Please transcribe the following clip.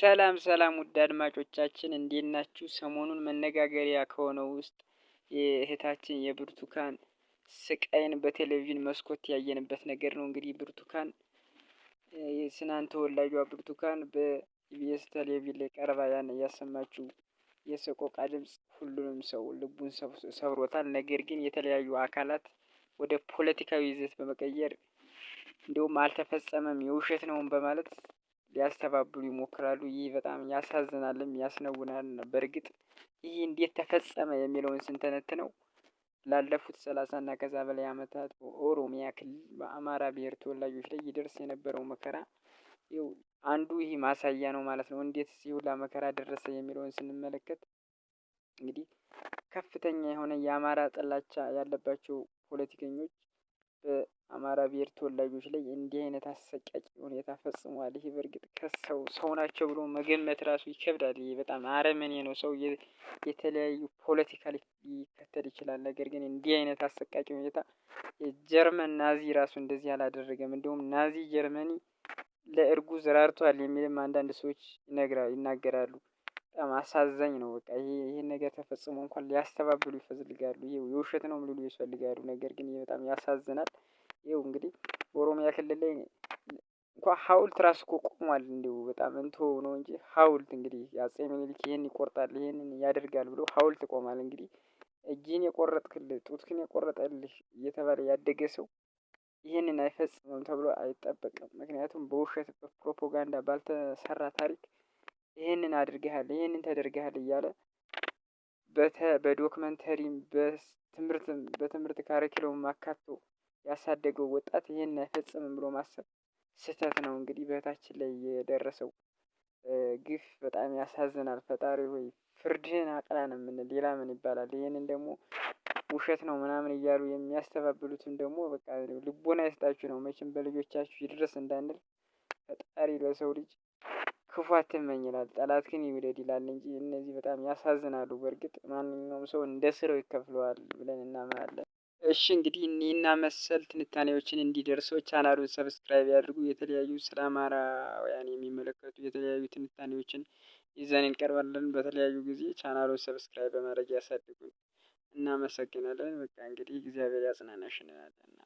ሰላም ሰላም ውድ አድማጮቻችን እንዴት ናችሁ? ሰሞኑን መነጋገሪያ ከሆነው ውስጥ የእህታችን የብርቱካን ስቃይን በቴሌቪዥን መስኮት ያየንበት ነገር ነው። እንግዲህ ብርቱካን የስናን ተወላጇ ብርቱካን በኢቢኤስ ቴሌቪዥን ላይ ቀርባ ያን ያሰማችው የሰቆቃ ድምፅ ሁሉንም ሰው ልቡን ሰብሮታል። ነገር ግን የተለያዩ አካላት ወደ ፖለቲካዊ ይዘት በመቀየር እንዲሁም አልተፈጸመም የውሸት ነውን በማለት ሊያስተባብሉ ይሞክራሉ። ይህ በጣም ያሳዝናልም ያስነውናል። በእርግጥ ይህ እንዴት ተፈጸመ የሚለውን ነው። ላለፉት ሰላሳ እና ከዛ በላይ ዓመታት በኦሮሚያ ክልል በአማራ ብሔር ተወላጆች ላይ ይደርስ የነበረው መከራ አንዱ ይህ ማሳያ ነው ማለት ነው። እንዴት ሲሁላ መከራ ደረሰ የሚለውን ስንመለከት እንግዲህ ከፍተኛ የሆነ የአማራ ጥላቻ ያለባቸው ፖለቲከኞች የአማራ ብሔር ተወላጆች ላይ እንዲህ አይነት አሰቃቂ ሁኔታ ፈጽሟል። ይህ በእርግጥ ከሰው ሰው ናቸው ብሎ መገመት ራሱ ይከብዳል። ይህ በጣም አረመኔ ነው። ሰው የተለያዩ ፖለቲካ ሊከተል ይችላል። ነገር ግን እንዲህ አይነት አሰቃቂ ሁኔታ የጀርመን ናዚ ራሱ እንደዚህ አላደረገም። እንዲሁም ናዚ ጀርመኒ ለእርጉ ዘራርቷል የሚልም አንዳንድ ሰዎች ይናገራሉ። በጣም አሳዛኝ ነው። በቃ ይህ ነገር ተፈጽሞ እንኳን ሊያስተባብሉ ይፈልጋሉ። ይሄ የውሸት ነው ሊሉ ይፈልጋሉ። ነገር ግን ይህ በጣም ያሳዝናል። ይኸው እንግዲህ በኦሮሚያ ክልል ላይ እንኳ ሀውልት ራሱ እኮ ቆሟል። እንዲሁ በጣም እንትሆ ነው እንጂ ሀውልት እንግዲህ አጼ ምኒልክ ይህን ይቆርጣል ይህንን ያደርጋል ብሎ ሀውልት ቆሟል። እንግዲህ እጅህን የቆረጥክልህ ጡትህን የቆረጠልህ እየተባለ ያደገ ሰው ይህንን አይፈጽምም ተብሎ አይጠበቅም። ምክንያቱም በውሸት በፕሮፓጋንዳ ባልተሰራ ታሪክ ይህንን አድርገሃል ይህንን ተደርገሃል እያለ በዶክመንተሪም በትምህርትም በትምህርት ካሪኪሎም አካቶ ያሳደገው ወጣት ይህን አይፈጽምም ብሎ ማሰብ ስህተት ነው። እንግዲህ በእህታችን ላይ የደረሰው ግፍ በጣም ያሳዝናል። ፈጣሪ ሆይ ፍርድህን አቅና ነው የምንል። ሌላ ምን ይባላል? ይህንን ደግሞ ውሸት ነው ምናምን እያሉ የሚያስተባብሉትም ደግሞ በቃ ልቦና ይስጣችሁ ነው። መቼም በልጆቻችሁ ይድረስ እንዳንል ፈጣሪ ለሰው ልጅ ክፉ አትመኝ ይላል፣ ጠላት ግን ይውደድ ይላል እንጂ እነዚህ በጣም ያሳዝናሉ። በእርግጥ ማንኛውም ሰው እንደ ስራው ይከፍለዋል ብለን እናምናለን። እሺ እንግዲህ እኔና መሰል ትንታኔዎችን እንዲደርሰው ቻናሉን ሰብስክራይብ ያድርጉ። የተለያዩ ስለ አማራውያን የሚመለከቱ የተለያዩ ትንታኔዎችን ይዘን እንቀርባለን። በተለያዩ ጊዜ ቻናሉን ሰብስክራይብ በማድረግ ያሳድጉን። እናመሰግናለን። በቃ እንግዲህ እግዚአብሔር ያጽናናሽ እንላለን።